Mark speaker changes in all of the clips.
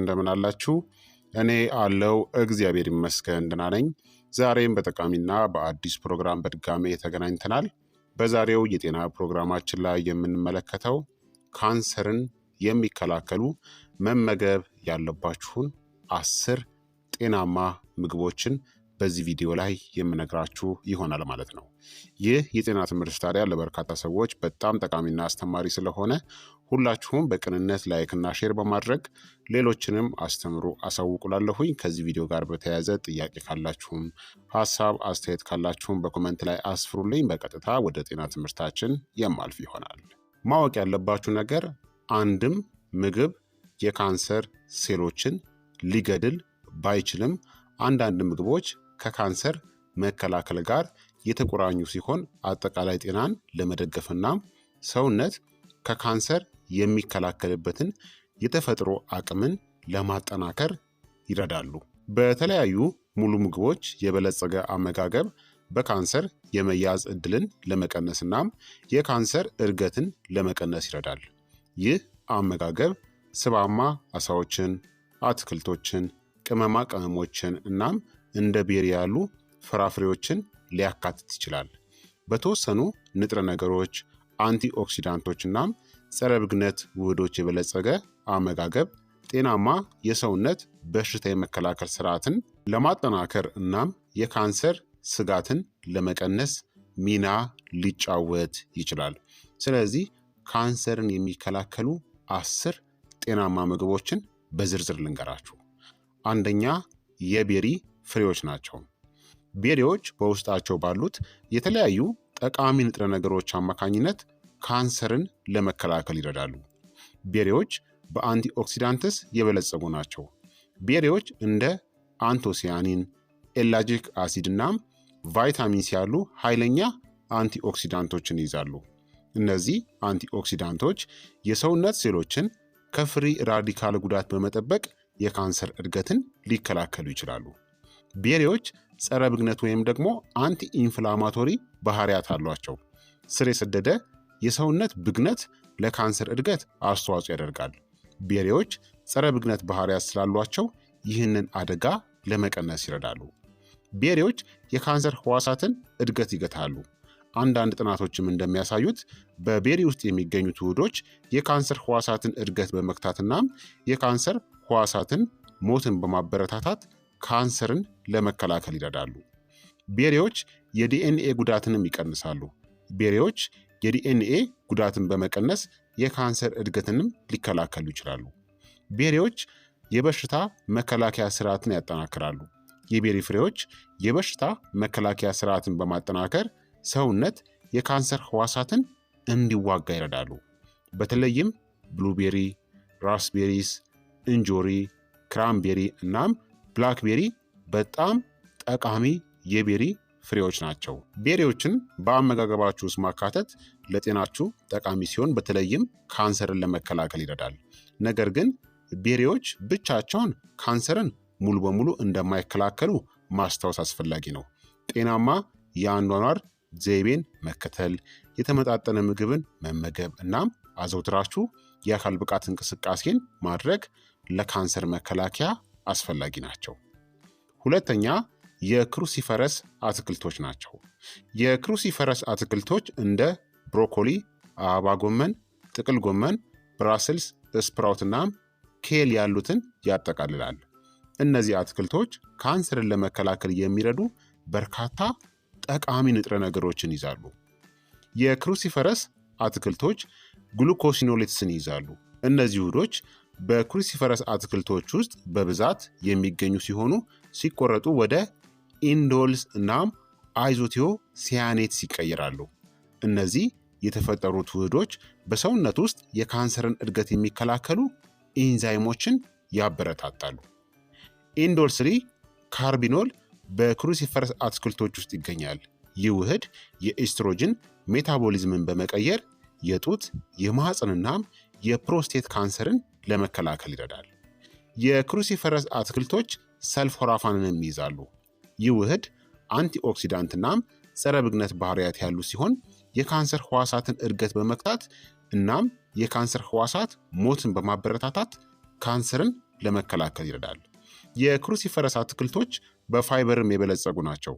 Speaker 1: እንደምን አላችሁ? እኔ አለው እግዚአብሔር ይመስገን ደህና ነኝ። ዛሬም በጠቃሚና በአዲስ ፕሮግራም በድጋሜ ተገናኝተናል። በዛሬው የጤና ፕሮግራማችን ላይ የምንመለከተው ካንሰርን የሚከላከሉ መመገብ ያለባችሁን አስር ጤናማ ምግቦችን በዚህ ቪዲዮ ላይ የምነግራችሁ ይሆናል ማለት ነው። ይህ የጤና ትምህርት ታዲያ ለበርካታ ሰዎች በጣም ጠቃሚና አስተማሪ ስለሆነ ሁላችሁም በቅንነት ላይክና ሼር በማድረግ ሌሎችንም አስተምሩ አሳውቁላለሁኝ። ከዚህ ቪዲዮ ጋር በተያያዘ ጥያቄ ካላችሁም ሀሳብ አስተያየት ካላችሁም በኮመንት ላይ አስፍሩልኝ። በቀጥታ ወደ ጤና ትምህርታችን የማልፍ ይሆናል። ማወቅ ያለባችሁ ነገር አንድም ምግብ የካንሰር ሴሎችን ሊገድል ባይችልም አንዳንድ ምግቦች ከካንሰር መከላከል ጋር የተቆራኙ ሲሆን አጠቃላይ ጤናን ለመደገፍና ሰውነት ከካንሰር የሚከላከልበትን የተፈጥሮ አቅምን ለማጠናከር ይረዳሉ። በተለያዩ ሙሉ ምግቦች የበለጸገ አመጋገብ በካንሰር የመያዝ እድልን ለመቀነስ እናም የካንሰር እድገትን ለመቀነስ ይረዳል። ይህ አመጋገብ ስባማ አሳዎችን፣ አትክልቶችን፣ ቅመማ ቅመሞችን እናም እንደ ቤር ያሉ ፍራፍሬዎችን ሊያካትት ይችላል። በተወሰኑ ንጥረ ነገሮች፣ አንቲ ኦክሲዳንቶች እናም ጸረ ብግነት ውህዶች የበለጸገ አመጋገብ ጤናማ የሰውነት በሽታ የመከላከል ስርዓትን ለማጠናከር እናም የካንሰር ስጋትን ለመቀነስ ሚና ሊጫወት ይችላል። ስለዚህ ካንሰርን የሚከላከሉ አስር ጤናማ ምግቦችን በዝርዝር ልንገራችሁ። አንደኛ የቤሪ ፍሬዎች ናቸው። ቤሪዎች በውስጣቸው ባሉት የተለያዩ ጠቃሚ ንጥረ ነገሮች አማካኝነት ካንሰርን ለመከላከል ይረዳሉ። ቤሪዎች በአንቲኦክሲዳንትስ የበለጸጉ ናቸው። ቤሪዎች እንደ አንቶሲያኒን፣ ኤላጂክ አሲድ እናም ቫይታሚንስ ያሉ ኃይለኛ አንቲኦክሲዳንቶችን ይይዛሉ። እነዚህ አንቲኦክሲዳንቶች የሰውነት ሴሎችን ከፍሪ ራዲካል ጉዳት በመጠበቅ የካንሰር እድገትን ሊከላከሉ ይችላሉ። ቤሪዎች ጸረ ብግነት ወይም ደግሞ አንቲ ኢንፍላማቶሪ ባህሪያት አሏቸው። ስር የሰደደ የሰውነት ብግነት ለካንሰር እድገት አስተዋጽኦ ያደርጋል። ቤሪዎች ጸረ ብግነት ባህሪያት ስላሏቸው ይህንን አደጋ ለመቀነስ ይረዳሉ። ቤሪዎች የካንሰር ህዋሳትን እድገት ይገታሉ። አንዳንድ ጥናቶችም እንደሚያሳዩት በቤሪ ውስጥ የሚገኙት ውህዶች የካንሰር ህዋሳትን እድገት በመክታትናም የካንሰር ህዋሳትን ሞትን በማበረታታት ካንሰርን ለመከላከል ይረዳሉ። ቤሪዎች የዲኤንኤ ጉዳትንም ይቀንሳሉ። ቤሪዎች የዲኤንኤ ጉዳትን በመቀነስ የካንሰር እድገትንም ሊከላከሉ ይችላሉ። ቤሪዎች የበሽታ መከላከያ ስርዓትን ያጠናክራሉ። የቤሪ ፍሬዎች የበሽታ መከላከያ ስርዓትን በማጠናከር ሰውነት የካንሰር ህዋሳትን እንዲዋጋ ይረዳሉ። በተለይም ብሉቤሪ፣ ራስቤሪስ፣ እንጆሪ፣ ክራምቤሪ እናም ብላክቤሪ በጣም ጠቃሚ የቤሪ ፍሬዎች ናቸው። ቤሪዎችን በአመጋገባችሁ ውስጥ ማካተት ለጤናችሁ ጠቃሚ ሲሆን በተለይም ካንሰርን ለመከላከል ይረዳል። ነገር ግን ቤሪዎች ብቻቸውን ካንሰርን ሙሉ በሙሉ እንደማይከላከሉ ማስታወስ አስፈላጊ ነው። ጤናማ የአኗኗር ዘይቤን መከተል፣ የተመጣጠነ ምግብን መመገብ እናም አዘውትራችሁ የአካል ብቃት እንቅስቃሴን ማድረግ ለካንሰር መከላከያ አስፈላጊ ናቸው። ሁለተኛ የክሩሲፈረስ አትክልቶች ናቸው። የክሩሲፈረስ አትክልቶች እንደ ብሮኮሊ፣ አበባ ጎመን፣ ጥቅል ጎመን፣ ብራስልስ ስፕራውት እናም ኬል ያሉትን ያጠቃልላል። እነዚህ አትክልቶች ካንሰርን ለመከላከል የሚረዱ በርካታ ጠቃሚ ንጥረ ነገሮችን ይዛሉ። የክሩሲፈረስ አትክልቶች ግሉኮሲኖሌትስን ይዛሉ። እነዚህ ውህዶች በክሩሲፈረስ አትክልቶች ውስጥ በብዛት የሚገኙ ሲሆኑ ሲቆረጡ ወደ ኢንዶልስ እናም አይዞቴዮ ሲያኔትስ ይቀይራሉ። እነዚህ የተፈጠሩት ውህዶች በሰውነት ውስጥ የካንሰርን እድገት የሚከላከሉ ኢንዛይሞችን ያበረታታሉ። ኢንዶል ስሪ ካርቢኖል በክሩሲፈርስ አትክልቶች ውስጥ ይገኛል። ይህ ውህድ የኤስትሮጅን ሜታቦሊዝምን በመቀየር የጡት የማህፀንናም የፕሮስቴት ካንሰርን ለመከላከል ይረዳል። የክሩሲፈረስ አትክልቶች ሰልፎራፋንንም ይይዛሉ። ይህ ውህድ አንቲኦክሲዳንትና ኦክሲዳንትናም ጸረ ብግነት ባህሪያት ያሉ ሲሆን የካንሰር ህዋሳትን እድገት በመክታት እናም የካንሰር ህዋሳት ሞትን በማበረታታት ካንሰርን ለመከላከል ይረዳል። የክሩሲፈረስ አትክልቶች በፋይበርም የበለጸጉ ናቸው።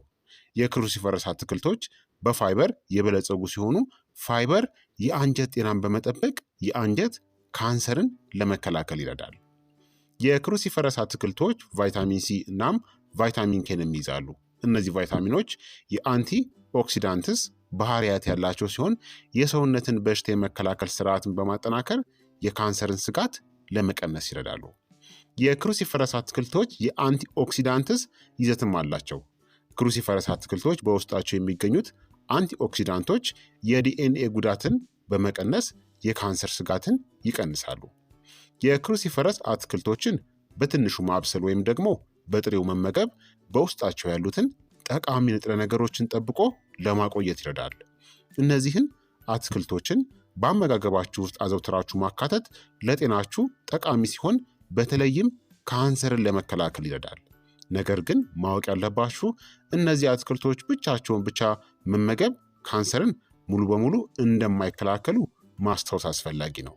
Speaker 1: የክሩሲፈረስ አትክልቶች በፋይበር የበለጸጉ ሲሆኑ ፋይበር የአንጀት ጤናን በመጠበቅ የአንጀት ካንሰርን ለመከላከል ይረዳል። የክሩሲፈረስ አትክልቶች ቫይታሚን ሲ እናም ቫይታሚን ኬንም ይይዛሉ። እነዚህ ቫይታሚኖች የአንቲ ኦክሲዳንትስ ባህሪያት ያላቸው ሲሆን የሰውነትን በሽታ የመከላከል ስርዓትን በማጠናከር የካንሰርን ስጋት ለመቀነስ ይረዳሉ። የክሩሲፈረስ አትክልቶች የአንቲኦክሲዳንትስ ይዘትም አላቸው። ክሩሲፈረስ አትክልቶች በውስጣቸው የሚገኙት አንቲኦክሲዳንቶች የዲኤንኤ ጉዳትን በመቀነስ የካንሰር ስጋትን ይቀንሳሉ። የክሩሲፈረስ አትክልቶችን በትንሹ ማብሰል ወይም ደግሞ በጥሬው መመገብ በውስጣቸው ያሉትን ጠቃሚ ንጥረ ነገሮችን ጠብቆ ለማቆየት ይረዳል። እነዚህን አትክልቶችን በአመጋገባችሁ ውስጥ አዘውትራችሁ ማካተት ለጤናችሁ ጠቃሚ ሲሆን በተለይም ካንሰርን ለመከላከል ይረዳል። ነገር ግን ማወቅ ያለባችሁ እነዚህ አትክልቶች ብቻቸውን ብቻ መመገብ ካንሰርን ሙሉ በሙሉ እንደማይከላከሉ ማስታወስ አስፈላጊ ነው።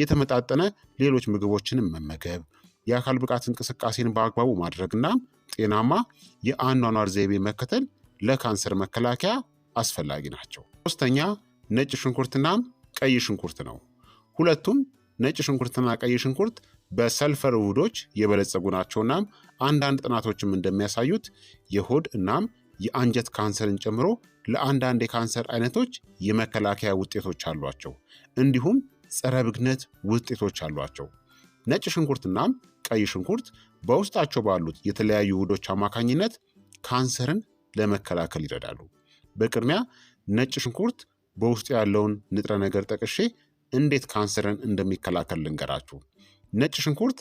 Speaker 1: የተመጣጠነ ሌሎች ምግቦችንም መመገብ፣ የአካል ብቃት እንቅስቃሴን በአግባቡ ማድረግና ጤናማ የአኗኗር ዘይቤ መከተል ለካንሰር መከላከያ አስፈላጊ ናቸው። ሶስተኛ ነጭ ሽንኩርትና ቀይ ሽንኩርት ነው። ሁለቱም ነጭ ሽንኩርትና ቀይ ሽንኩርት በሰልፈር ውህዶች የበለጸጉ ናቸው። እናም አንዳንድ ጥናቶችም እንደሚያሳዩት የሆድ እናም የአንጀት ካንሰርን ጨምሮ ለአንዳንድ የካንሰር አይነቶች የመከላከያ ውጤቶች አሏቸው። እንዲሁም ጸረ ብግነት ውጤቶች አሏቸው። ነጭ ሽንኩርትናም ቀይ ሽንኩርት በውስጣቸው ባሉት የተለያዩ ውህዶች አማካኝነት ካንሰርን ለመከላከል ይረዳሉ። በቅድሚያ ነጭ ሽንኩርት በውስጡ ያለውን ንጥረ ነገር ጠቅሼ እንዴት ካንሰርን እንደሚከላከል ልንገራችሁ። ነጭ ሽንኩርት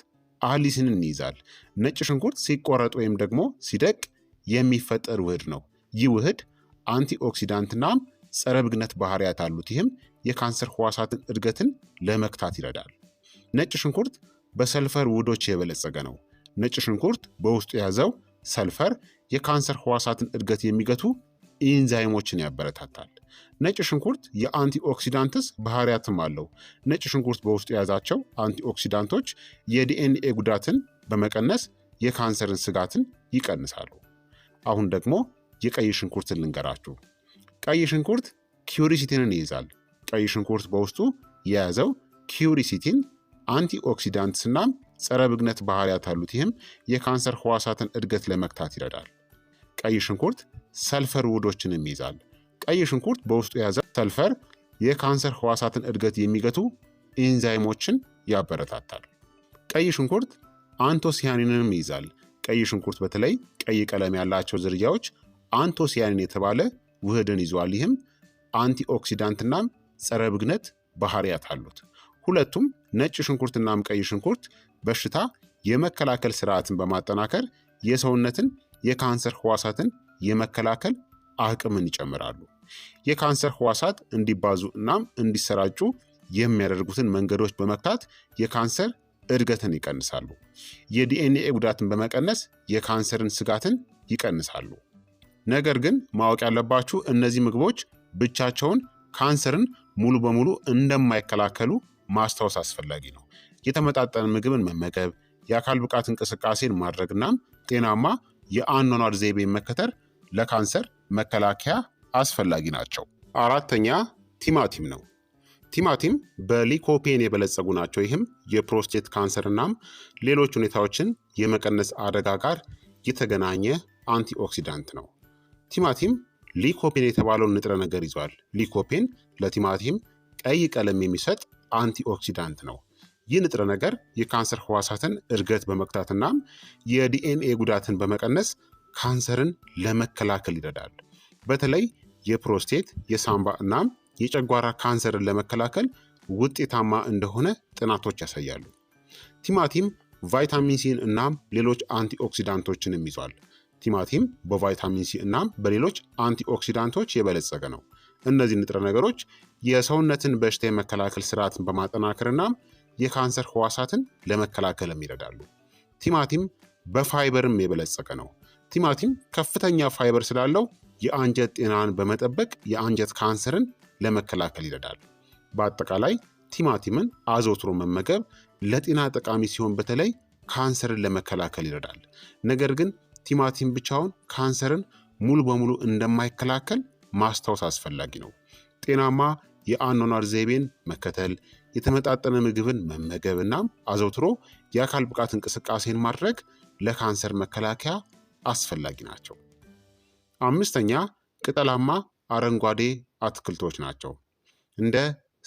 Speaker 1: አሊሲንን ይይዛል። ነጭ ሽንኩርት ሲቆረጥ ወይም ደግሞ ሲደቅ የሚፈጠር ውህድ ነው። ይህ ውህድ አንቲኦክሲዳንትናም ጸረ ብግነት ባህሪያት አሉት። ይህም የካንሰር ህዋሳትን እድገትን ለመክታት ይረዳል። ነጭ ሽንኩርት በሰልፈር ውህዶች የበለጸገ ነው። ነጭ ሽንኩርት በውስጡ የያዘው ሰልፈር የካንሰር ህዋሳትን እድገት የሚገቱ ኢንዛይሞችን ያበረታታል። ነጭ ሽንኩርት የአንቲኦክሲዳንትስ ባህሪያትም አለው። ነጭ ሽንኩርት በውስጡ የያዛቸው አንቲኦክሲዳንቶች የዲኤንኤ ጉዳትን በመቀነስ የካንሰርን ስጋትን ይቀንሳሉ። አሁን ደግሞ የቀይ ሽንኩርትን ልንገራችሁ። ቀይ ሽንኩርት ኪውሪሲቲንን ይይዛል። ቀይ ሽንኩርት በውስጡ የያዘው አንቲኦክሲዳንትስ አንቲኦክሲዳንትስናም ጸረ ብግነት ባህሪያት አሉት። ይህም የካንሰር ህዋሳትን እድገት ለመግታት ይረዳል። ቀይ ሽንኩርት ሰልፈር ውህዶችንም ይይዛል። ቀይ ሽንኩርት በውስጡ የያዘ ሰልፈር የካንሰር ህዋሳትን እድገት የሚገቱ ኢንዛይሞችን ያበረታታል። ቀይ ሽንኩርት አንቶሲያኒንንም ይይዛል። ቀይ ሽንኩርት በተለይ ቀይ ቀለም ያላቸው ዝርያዎች አንቶሲያኒን የተባለ ውህድን ይዟል። ይህም አንቲኦክሲዳንትናም ጸረ ብግነት ባህሪያት አሉት። ሁለቱም ነጭ ሽንኩርትናም ቀይ ሽንኩርት በሽታ የመከላከል ስርዓትን በማጠናከር የሰውነትን የካንሰር ህዋሳትን የመከላከል አቅምን ይጨምራሉ። የካንሰር ህዋሳት እንዲባዙ እናም እንዲሰራጩ የሚያደርጉትን መንገዶች በመክታት የካንሰር እድገትን ይቀንሳሉ። የዲኤንኤ ጉዳትን በመቀነስ የካንሰርን ስጋትን ይቀንሳሉ። ነገር ግን ማወቅ ያለባችሁ እነዚህ ምግቦች ብቻቸውን ካንሰርን ሙሉ በሙሉ እንደማይከላከሉ ማስታወስ አስፈላጊ ነው። የተመጣጠነ ምግብን መመገብ፣ የአካል ብቃት እንቅስቃሴን ማድረግ ጤናማ የአኗኗር ዘይቤን መከተል ለካንሰር መከላከያ አስፈላጊ ናቸው። አራተኛ ቲማቲም ነው። ቲማቲም በሊኮፔን የበለጸጉ ናቸው። ይህም የፕሮስቴት ካንሰር እናም ሌሎች ሁኔታዎችን የመቀነስ አደጋ ጋር የተገናኘ አንቲኦክሲዳንት ነው። ቲማቲም ሊኮፔን የተባለውን ንጥረ ነገር ይዟል። ሊኮፔን ለቲማቲም ቀይ ቀለም የሚሰጥ አንቲኦክሲዳንት ነው። ይህ ንጥረ ነገር የካንሰር ህዋሳትን እድገት በመግታትና የዲኤንኤ ጉዳትን በመቀነስ ካንሰርን ለመከላከል ይረዳል። በተለይ የፕሮስቴት፣ የሳምባ እናም የጨጓራ ካንሰርን ለመከላከል ውጤታማ እንደሆነ ጥናቶች ያሳያሉ። ቲማቲም ቫይታሚን ሲን እናም ሌሎች አንቲኦክሲዳንቶችንም ይዟል። ቲማቲም በቫይታሚን ሲ እናም በሌሎች አንቲኦክሲዳንቶች የበለጸገ ነው። እነዚህ ንጥረ ነገሮች የሰውነትን በሽታ የመከላከል ስርዓትን በማጠናከር እናም የካንሰር ህዋሳትን ለመከላከልም ይረዳሉ። ቲማቲም በፋይበርም የበለጸቀ ነው። ቲማቲም ከፍተኛ ፋይበር ስላለው የአንጀት ጤናን በመጠበቅ የአንጀት ካንሰርን ለመከላከል ይረዳል። በአጠቃላይ ቲማቲምን አዘውትሮ መመገብ ለጤና ጠቃሚ ሲሆን በተለይ ካንሰርን ለመከላከል ይረዳል። ነገር ግን ቲማቲም ብቻውን ካንሰርን ሙሉ በሙሉ እንደማይከላከል ማስታወስ አስፈላጊ ነው። ጤናማ የአኗኗር ዘይቤን መከተል፣ የተመጣጠነ ምግብን መመገብ እናም አዘውትሮ የአካል ብቃት እንቅስቃሴን ማድረግ ለካንሰር መከላከያ አስፈላጊ ናቸው። አምስተኛ ቅጠላማ አረንጓዴ አትክልቶች ናቸው። እንደ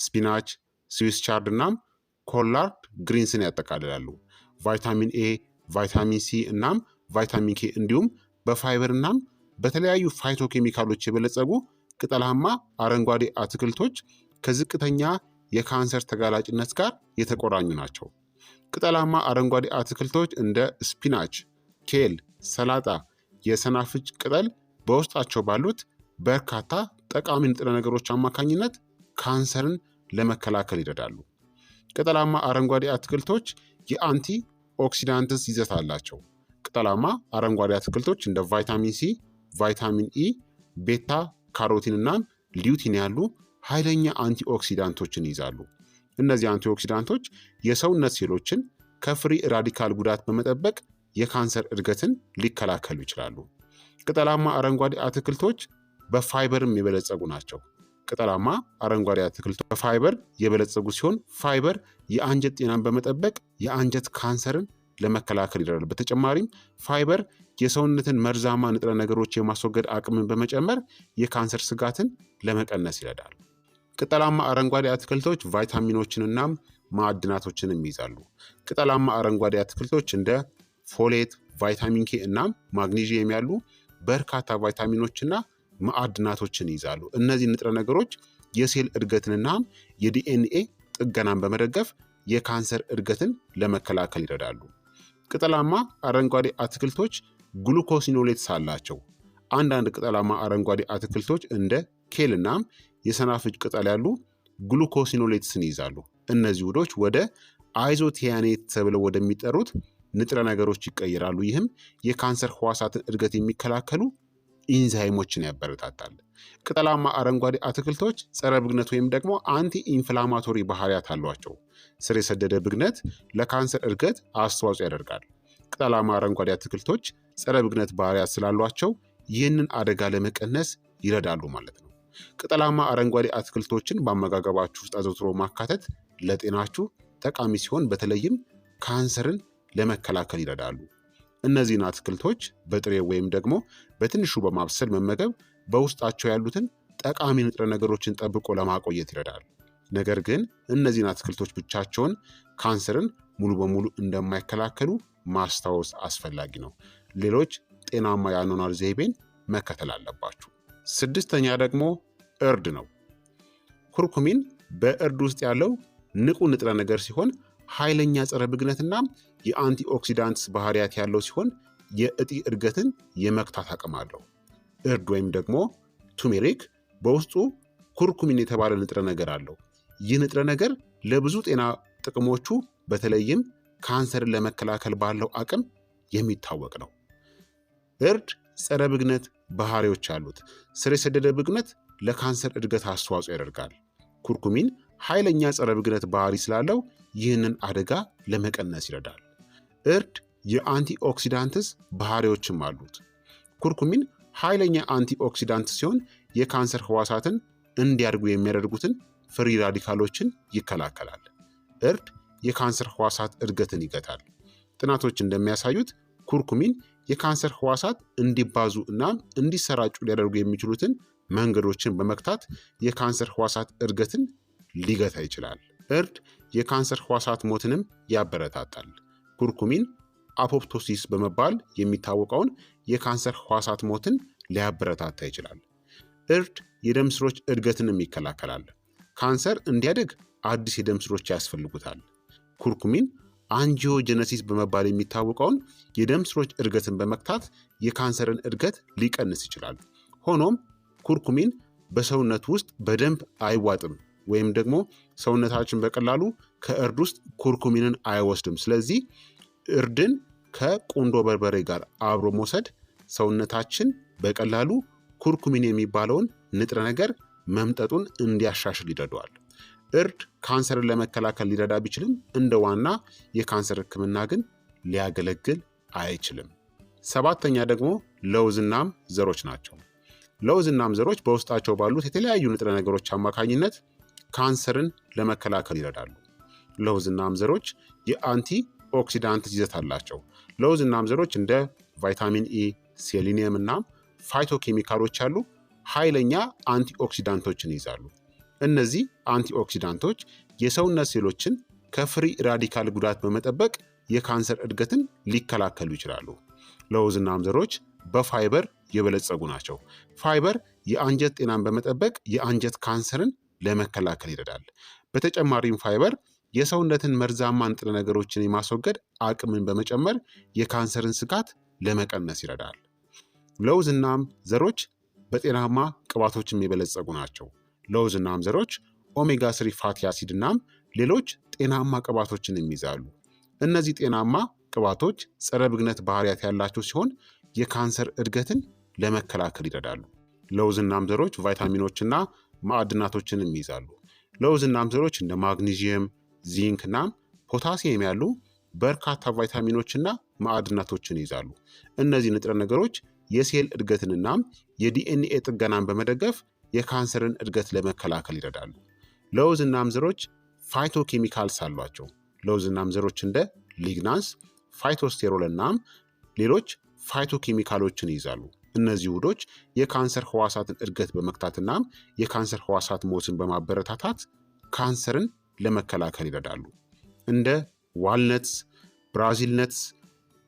Speaker 1: ስፒናች፣ ስዊስ ቻርድ እናም ኮላርድ ግሪንስን ያጠቃልላሉ። ቫይታሚን ኤ፣ ቫይታሚን ሲ እናም ቫይታሚን ኬ እንዲሁም በፋይበር እናም በተለያዩ ፋይቶ ኬሚካሎች የበለጸጉ ቅጠላማ አረንጓዴ አትክልቶች ከዝቅተኛ የካንሰር ተጋላጭነት ጋር የተቆራኙ ናቸው። ቅጠላማ አረንጓዴ አትክልቶች እንደ ስፒናች፣ ኬል፣ ሰላጣ፣ የሰናፍጭ ቅጠል በውስጣቸው ባሉት በርካታ ጠቃሚ ንጥረ ነገሮች አማካኝነት ካንሰርን ለመከላከል ይረዳሉ። ቅጠላማ አረንጓዴ አትክልቶች የአንቲ ኦክሲዳንትስ ይዘት አላቸው። ቅጠላማ አረንጓዴ አትክልቶች እንደ ቫይታሚን ሲ፣ ቫይታሚን ኢ፣ ቤታ ካሮቲንና ሊዩቲን ያሉ ኃይለኛ አንቲኦክሲዳንቶችን ይይዛሉ። እነዚህ አንቲኦክሲዳንቶች የሰውነት ሴሎችን ከፍሪ ራዲካል ጉዳት በመጠበቅ የካንሰር እድገትን ሊከላከሉ ይችላሉ። ቅጠላማ አረንጓዴ አትክልቶች በፋይበርም የበለጸጉ ናቸው። ቅጠላማ አረንጓዴ አትክልቶች በፋይበር የበለጸጉ ሲሆን ፋይበር የአንጀት ጤናን በመጠበቅ የአንጀት ካንሰርን ለመከላከል ይረዳል። በተጨማሪም ፋይበር የሰውነትን መርዛማ ንጥረ ነገሮች የማስወገድ አቅምን በመጨመር የካንሰር ስጋትን ለመቀነስ ይረዳል። ቅጠላማ አረንጓዴ አትክልቶች ቫይታሚኖችንና ማዕድናቶችንም ይይዛሉ። ቅጠላማ አረንጓዴ አትክልቶች እንደ ፎሌት፣ ቫይታሚን ኬ እናም ማግኒዥየም ያሉ በርካታ ቫይታሚኖችና ማዕድናቶችን ይይዛሉ። እነዚህ ንጥረ ነገሮች የሴል እድገትንና የዲኤንኤ ጥገናን በመደገፍ የካንሰር እድገትን ለመከላከል ይረዳሉ። ቅጠላማ አረንጓዴ አትክልቶች ግሉኮሲኖሌትስ አላቸው። አንዳንድ ቅጠላማ አረንጓዴ አትክልቶች እንደ ኬል እናም የሰናፍጭ ቅጠል ያሉ ግሉኮሲኖሌትስን ይይዛሉ። እነዚህ ውህዶች ወደ አይዞቲያኔት ተብለው ወደሚጠሩት ንጥረ ነገሮች ይቀየራሉ። ይህም የካንሰር ህዋሳትን እድገት የሚከላከሉ ኢንዛይሞችን ያበረታታል። ቅጠላማ አረንጓዴ አትክልቶች ጸረ ብግነት ወይም ደግሞ አንቲ ኢንፍላማቶሪ ባህሪያት አሏቸው። ስር የሰደደ ብግነት ለካንሰር እድገት አስተዋጽኦ ያደርጋል። ቅጠላማ አረንጓዴ አትክልቶች ጸረ ብግነት ባህሪያት ስላሏቸው ይህንን አደጋ ለመቀነስ ይረዳሉ ማለት ነው። ቅጠላማ አረንጓዴ አትክልቶችን በአመጋገባችሁ ውስጥ አዘውትሮ ማካተት ለጤናችሁ ጠቃሚ ሲሆን በተለይም ካንሰርን ለመከላከል ይረዳሉ። እነዚህን አትክልቶች በጥሬ ወይም ደግሞ በትንሹ በማብሰል መመገብ በውስጣቸው ያሉትን ጠቃሚ ንጥረ ነገሮችን ጠብቆ ለማቆየት ይረዳል። ነገር ግን እነዚህን አትክልቶች ብቻቸውን ካንሰርን ሙሉ በሙሉ እንደማይከላከሉ ማስታወስ አስፈላጊ ነው። ሌሎች ጤናማ የአኗኗር ዘይቤን መከተል አለባችሁ። ስድስተኛ ደግሞ እርድ ነው። ኩርኩሚን በእርድ ውስጥ ያለው ንቁ ንጥረ ነገር ሲሆን ኃይለኛ ጸረ ብግነትና የአንቲኦክሲዳንትስ ባህሪያት ያለው ሲሆን የእጢ እድገትን የመክታት አቅም አለው። እርድ ወይም ደግሞ ቱሜሪክ በውስጡ ኩርኩሚን የተባለ ንጥረ ነገር አለው። ይህ ንጥረ ነገር ለብዙ ጤና ጥቅሞቹ በተለይም ካንሰርን ለመከላከል ባለው አቅም የሚታወቅ ነው። እርድ ጸረ ብግነት ባህሪዎች አሉት። ስር የሰደደ ብግነት ለካንሰር እድገት አስተዋጽኦ ያደርጋል። ኩርኩሚን ኃይለኛ ጸረ ብግነት ባህሪ ስላለው ይህንን አደጋ ለመቀነስ ይረዳል። እርድ የአንቲ ኦክሲዳንትስ ባህሪዎችም አሉት። ኩርኩሚን ኃይለኛ አንቲ ኦክሲዳንት ሲሆን የካንሰር ህዋሳትን እንዲያድጉ የሚያደርጉትን ፍሪ ራዲካሎችን ይከላከላል። እርድ የካንሰር ህዋሳት እድገትን ይገታል። ጥናቶች እንደሚያሳዩት ኩርኩሚን የካንሰር ህዋሳት እንዲባዙ እናም እንዲሰራጩ ሊያደርጉ የሚችሉትን መንገዶችን በመክታት የካንሰር ህዋሳት እድገትን ሊገታ ይችላል። እርድ የካንሰር ህዋሳት ሞትንም ያበረታታል። ኩርኩሚን አፖፕቶሲስ በመባል የሚታወቀውን የካንሰር ህዋሳት ሞትን ሊያበረታታ ይችላል። እርድ የደም ስሮች እድገትንም ይከላከላል። ካንሰር እንዲያደግ አዲስ የደም ስሮች ያስፈልጉታል። ኩርኩሚን አንጂዮጀነሲስ በመባል የሚታወቀውን የደም ስሮች እድገትን በመክታት የካንሰርን እድገት ሊቀንስ ይችላል። ሆኖም ኩርኩሚን በሰውነት ውስጥ በደንብ አይዋጥም ወይም ደግሞ ሰውነታችን በቀላሉ ከእርድ ውስጥ ኩርኩሚንን አይወስድም። ስለዚህ እርድን ከቁንዶ በርበሬ ጋር አብሮ መውሰድ ሰውነታችን በቀላሉ ኩርኩሚን የሚባለውን ንጥረ ነገር መምጠጡን እንዲያሻሽል ይረዳዋል። እርድ ካንሰርን ለመከላከል ሊረዳ ቢችልም እንደ ዋና የካንሰር ሕክምና ግን ሊያገለግል አይችልም። ሰባተኛ ደግሞ ለውዝናም ዘሮች ናቸው። ለውዝናም ዘሮች በውስጣቸው ባሉት የተለያዩ ንጥረ ነገሮች አማካኝነት ካንሰርን ለመከላከል ይረዳሉ። ለውዝና አምዘሮች የአንቲ ኦክሲዳንት ይዘት አላቸው። ለውዝና አምዘሮች እንደ ቫይታሚን ኢ፣ ሴሊኒየም እና ፋይቶኬሚካሎች ያሉ ኃይለኛ አንቲኦክሲዳንቶችን ይይዛሉ። እነዚህ አንቲኦክሲዳንቶች የሰውነት ሴሎችን ከፍሪ ራዲካል ጉዳት በመጠበቅ የካንሰር እድገትን ሊከላከሉ ይችላሉ። ለውዝና አምዘሮች በፋይበር የበለጸጉ ናቸው። ፋይበር የአንጀት ጤናን በመጠበቅ የአንጀት ካንሰርን ለመከላከል ይረዳል። በተጨማሪም ፋይበር የሰውነትን መርዛማ ንጥረ ነገሮችን የማስወገድ አቅምን በመጨመር የካንሰርን ስጋት ለመቀነስ ይረዳል። ለውዝ እናም ዘሮች በጤናማ ቅባቶችም የበለጸጉ ናቸው። ለውዝ እናም ዘሮች ኦሜጋ ስሪ ፋቲ አሲድ እናም ሌሎች ጤናማ ቅባቶችን የሚይዛሉ። እነዚህ ጤናማ ቅባቶች ጸረ ብግነት ባህሪያት ያላቸው ሲሆን የካንሰር እድገትን ለመከላከል ይረዳሉ። ለውዝ እናም ዘሮች ቫይታሚኖችና ማዕድናቶችንም ይይዛሉ። ለውዝ እናም ዘሮች እንደ ማግኒዥየም ዚንክ ፖታሲየም ያሉ በርካታ ቫይታሚኖችና ማዕድናቶችን ይይዛሉ። እነዚህ ንጥረ ነገሮች የሴል እድገትንናም የዲኤንኤ ጥገናን በመደገፍ የካንሰርን እድገት ለመከላከል ይረዳሉ። ለውዝ እናም ዘሮች ፋይቶኬሚካልስ አሏቸው። ለውዝ ዘሮች እንደ ሊግናንስ፣ ፋይቶስቴሮል እናም ሌሎች ፋይቶኬሚካሎችን ይይዛሉ። እነዚህ ውህዶች የካንሰር ህዋሳትን እድገት በመግታት የካንሰር ህዋሳት ሞትን በማበረታታት ካንሰርን ለመከላከል ይረዳሉ። እንደ ዋልነትስ፣ ብራዚል ነትስ፣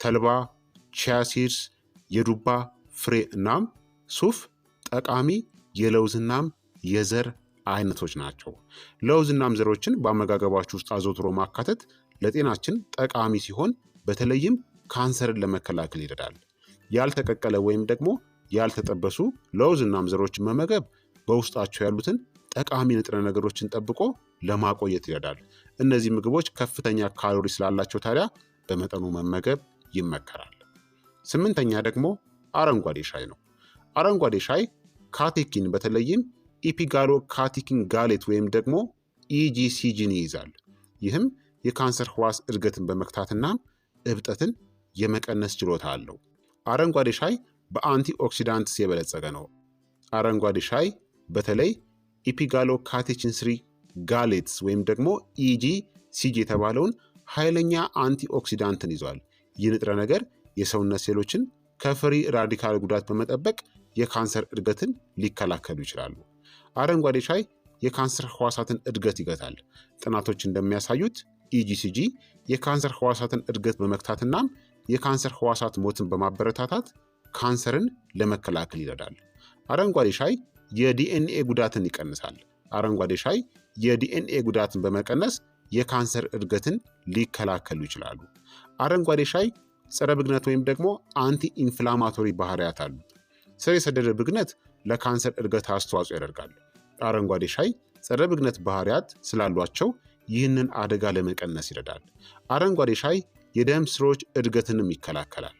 Speaker 1: ተልባ፣ ቺያሲድስ፣ የዱባ ፍሬ እናም ሱፍ ጠቃሚ የለውዝናም የዘር አይነቶች ናቸው። ለውዝናም ዘሮችን በአመጋገባችሁ ውስጥ አዘውትሮ ማካተት ለጤናችን ጠቃሚ ሲሆን በተለይም ካንሰርን ለመከላከል ይረዳል። ያልተቀቀለ ወይም ደግሞ ያልተጠበሱ ለውዝናም ዘሮችን መመገብ በውስጣቸው ያሉትን ጠቃሚ ንጥረ ነገሮችን ጠብቆ ለማቆየት ይረዳል። እነዚህ ምግቦች ከፍተኛ ካሎሪ ስላላቸው ታዲያ በመጠኑ መመገብ ይመከራል። ስምንተኛ ደግሞ አረንጓዴ ሻይ ነው። አረንጓዴ ሻይ ካቴኪን በተለይም ኢፒጋሎ ካቴኪን ጋሌት ወይም ደግሞ ኢጂሲጂን ይይዛል። ይህም የካንሰር ህዋስ እድገትን በመክታትና እብጠትን የመቀነስ ችሎታ አለው። አረንጓዴ ሻይ በአንቲ ኦክሲዳንትስ የበለጸገ ነው። አረንጓዴ ሻይ በተለይ ኢፒጋሎ ካቴችን ስሪ ጋሌትስ ወይም ደግሞ ኢጂ ሲጂ የተባለውን ኃይለኛ አንቲኦክሲዳንትን ይዟል። ይህ ንጥረ ነገር የሰውነት ሴሎችን ከፍሪ ራዲካል ጉዳት በመጠበቅ የካንሰር እድገትን ሊከላከሉ ይችላሉ። አረንጓዴ ሻይ የካንሰር ህዋሳትን እድገት ይገታል። ጥናቶች እንደሚያሳዩት ኢጂሲጂ የካንሰር ህዋሳትን እድገት በመግታትናም የካንሰር ህዋሳት ሞትን በማበረታታት ካንሰርን ለመከላከል ይረዳል። አረንጓዴ ሻይ የዲኤንኤ ጉዳትን ይቀንሳል። አረንጓዴ ሻይ የዲኤንኤ ጉዳትን በመቀነስ የካንሰር እድገትን ሊከላከሉ ይችላሉ። አረንጓዴ ሻይ ጸረ ብግነት ወይም ደግሞ አንቲ ኢንፍላማቶሪ ባህሪያት አሉት። ስር የሰደደ ብግነት ለካንሰር እድገት አስተዋጽኦ ያደርጋል። አረንጓዴ ሻይ ጸረ ብግነት ባህሪያት ስላሏቸው ይህንን አደጋ ለመቀነስ ይረዳል። አረንጓዴ ሻይ የደም ስሮች እድገትንም ይከላከላል።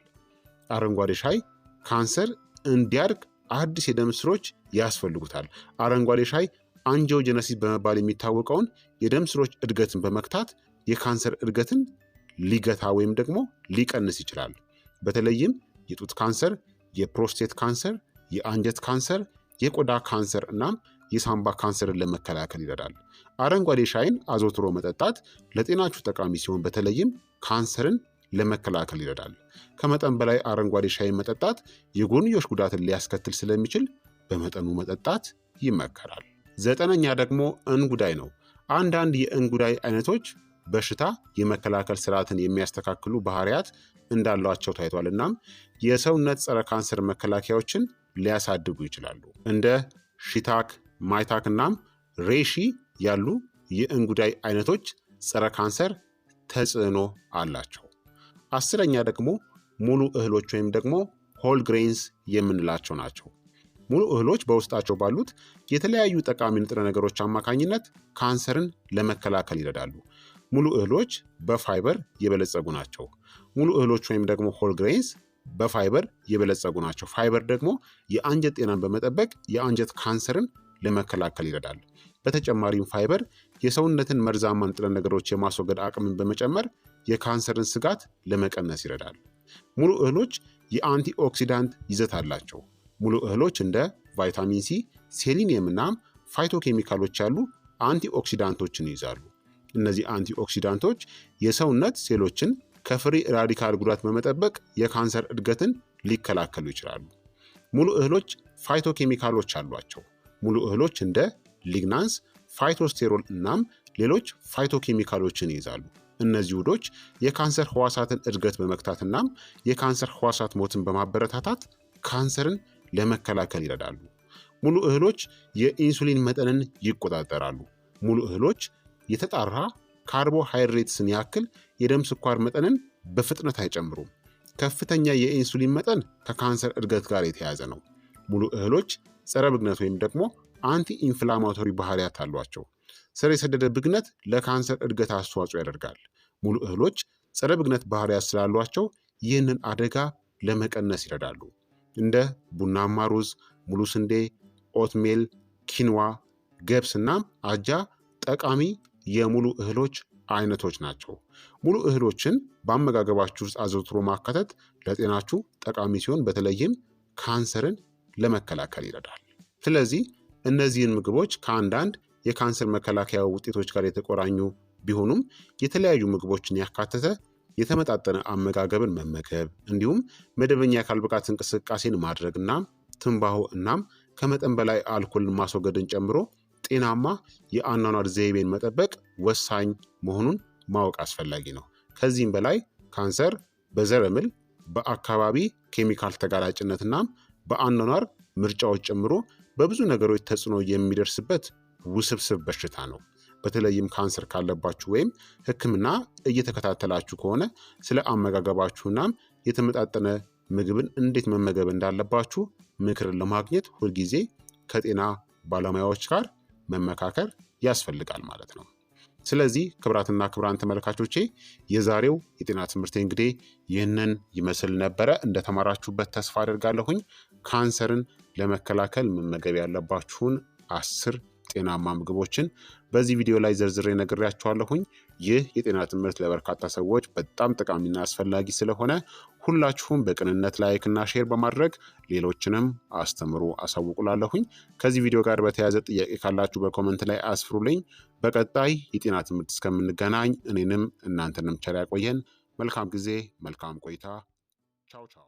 Speaker 1: አረንጓዴ ሻይ ካንሰር እንዲያድግ አዲስ የደም ስሮች ያስፈልጉታል። አረንጓዴ ሻይ አንጂኦጀነሲስ በመባል የሚታወቀውን የደም ስሮች እድገትን በመክታት የካንሰር እድገትን ሊገታ ወይም ደግሞ ሊቀንስ ይችላል። በተለይም የጡት ካንሰር፣ የፕሮስቴት ካንሰር፣ የአንጀት ካንሰር፣ የቆዳ ካንሰር እናም የሳምባ ካንሰርን ለመከላከል ይረዳል። አረንጓዴ ሻይን አዘውትሮ መጠጣት ለጤናችሁ ጠቃሚ ሲሆን በተለይም ካንሰርን ለመከላከል ይረዳል። ከመጠን በላይ አረንጓዴ ሻይ መጠጣት የጎንዮሽ ጉዳትን ሊያስከትል ስለሚችል በመጠኑ መጠጣት ይመከራል። ዘጠነኛ ደግሞ እንጉዳይ ነው። አንዳንድ የእንጉዳይ አይነቶች በሽታ የመከላከል ስርዓትን የሚያስተካክሉ ባህሪያት እንዳሏቸው ታይቷል። እናም የሰውነት ጸረ ካንሰር መከላከያዎችን ሊያሳድጉ ይችላሉ። እንደ ሺታክ፣ ማይታክ እናም ሬሺ ያሉ የእንጉዳይ አይነቶች ጸረ ካንሰር ተጽዕኖ አላቸው። አስረኛ ደግሞ ሙሉ እህሎች ወይም ደግሞ ሆል ግሬንስ የምንላቸው ናቸው። ሙሉ እህሎች በውስጣቸው ባሉት የተለያዩ ጠቃሚ ንጥረ ነገሮች አማካኝነት ካንሰርን ለመከላከል ይረዳሉ። ሙሉ እህሎች በፋይበር የበለጸጉ ናቸው። ሙሉ እህሎች ወይም ደግሞ ሆል ግሬንስ በፋይበር የበለጸጉ ናቸው። ፋይበር ደግሞ የአንጀት ጤናን በመጠበቅ የአንጀት ካንሰርን ለመከላከል ይረዳል። በተጨማሪም ፋይበር የሰውነትን መርዛማ ንጥረ ነገሮች የማስወገድ አቅምን በመጨመር የካንሰርን ስጋት ለመቀነስ ይረዳል። ሙሉ እህሎች የአንቲ ኦክሲዳንት ይዘት አላቸው። ሙሉ እህሎች እንደ ቫይታሚን ሲ፣ ሴሊኒየም እናም ፋይቶኬሚካሎች ያሉ አንቲ ኦክሲዳንቶችን ይይዛሉ። እነዚህ አንቲ ኦክሲዳንቶች የሰውነት ሴሎችን ከፍሪ ራዲካል ጉዳት በመጠበቅ የካንሰር እድገትን ሊከላከሉ ይችላሉ። ሙሉ እህሎች ፋይቶኬሚካሎች አሏቸው። ሙሉ እህሎች እንደ ሊግናንስ፣ ፋይቶስቴሮል እናም ሌሎች ፋይቶኬሚካሎችን ይይዛሉ። እነዚህ ውህዶች የካንሰር ህዋሳትን እድገት በመግታት እናም የካንሰር ህዋሳት ሞትን በማበረታታት ካንሰርን ለመከላከል ይረዳሉ። ሙሉ እህሎች የኢንሱሊን መጠንን ይቆጣጠራሉ። ሙሉ እህሎች የተጣራ ካርቦሃይድሬትስን ያክል የደም ስኳር መጠንን በፍጥነት አይጨምሩም። ከፍተኛ የኢንሱሊን መጠን ከካንሰር እድገት ጋር የተያያዘ ነው። ሙሉ እህሎች ጸረ ብግነት ወይም ደግሞ አንቲ ኢንፍላማቶሪ ባህሪያት አሏቸው። ስር የሰደደ ብግነት ለካንሰር እድገት አስተዋጽኦ ያደርጋል። ሙሉ እህሎች ጸረ ብግነት ባህሪያት ስላሏቸው ይህንን አደጋ ለመቀነስ ይረዳሉ። እንደ ቡናማ ሩዝ፣ ሙሉ ስንዴ፣ ኦትሜል፣ ኪንዋ፣ ገብስ እና አጃ ጠቃሚ የሙሉ እህሎች አይነቶች ናቸው። ሙሉ እህሎችን በአመጋገባችሁ ውስጥ አዘውትሮ ማካተት ለጤናችሁ ጠቃሚ ሲሆን በተለይም ካንሰርን ለመከላከል ይረዳል። ስለዚህ እነዚህን ምግቦች ከአንዳንድ የካንሰር መከላከያ ውጤቶች ጋር የተቆራኙ ቢሆኑም የተለያዩ ምግቦችን ያካተተ የተመጣጠነ አመጋገብን መመገብ እንዲሁም መደበኛ የአካል ብቃት እንቅስቃሴን ማድረግና ትንባሆ እናም ከመጠን በላይ አልኮልን ማስወገድን ጨምሮ ጤናማ የአኗኗር ዘይቤን መጠበቅ ወሳኝ መሆኑን ማወቅ አስፈላጊ ነው። ከዚህም በላይ ካንሰር በዘረምል በአካባቢ ኬሚካል ተጋላጭነት በአኗኗር ምርጫዎች ጨምሮ በብዙ ነገሮች ተጽዕኖ የሚደርስበት ውስብስብ በሽታ ነው። በተለይም ካንሰር ካለባችሁ ወይም ህክምና እየተከታተላችሁ ከሆነ ስለ አመጋገባችሁናም የተመጣጠነ ምግብን እንዴት መመገብ እንዳለባችሁ ምክርን ለማግኘት ሁልጊዜ ከጤና ባለሙያዎች ጋር መመካከር ያስፈልጋል ማለት ነው። ስለዚህ ክብራትና ክብራን ተመልካቾቼ የዛሬው የጤና ትምህርት እንግዲህ ይህንን ይመስል ነበረ። እንደተማራችሁበት ተስፋ አደርጋለሁኝ። ካንሰርን ለመከላከል መመገብ ያለባችሁን አስር ጤናማ ምግቦችን በዚህ ቪዲዮ ላይ ዝርዝሬ ነግሬያችኋለሁኝ። ይህ የጤና ትምህርት ለበርካታ ሰዎች በጣም ጠቃሚና አስፈላጊ ስለሆነ ሁላችሁም በቅንነት ላይክና ሼር በማድረግ ሌሎችንም አስተምሩ አሳውቁላለሁኝ። ከዚህ ቪዲዮ ጋር በተያያዘ ጥያቄ ካላችሁ በኮመንት ላይ አስፍሩልኝ። በቀጣይ የጤና ትምህርት እስከምንገናኝ እኔንም እናንተንም ቸር ያቆየን። መልካም ጊዜ፣ መልካም ቆይታ። ቻው ቻው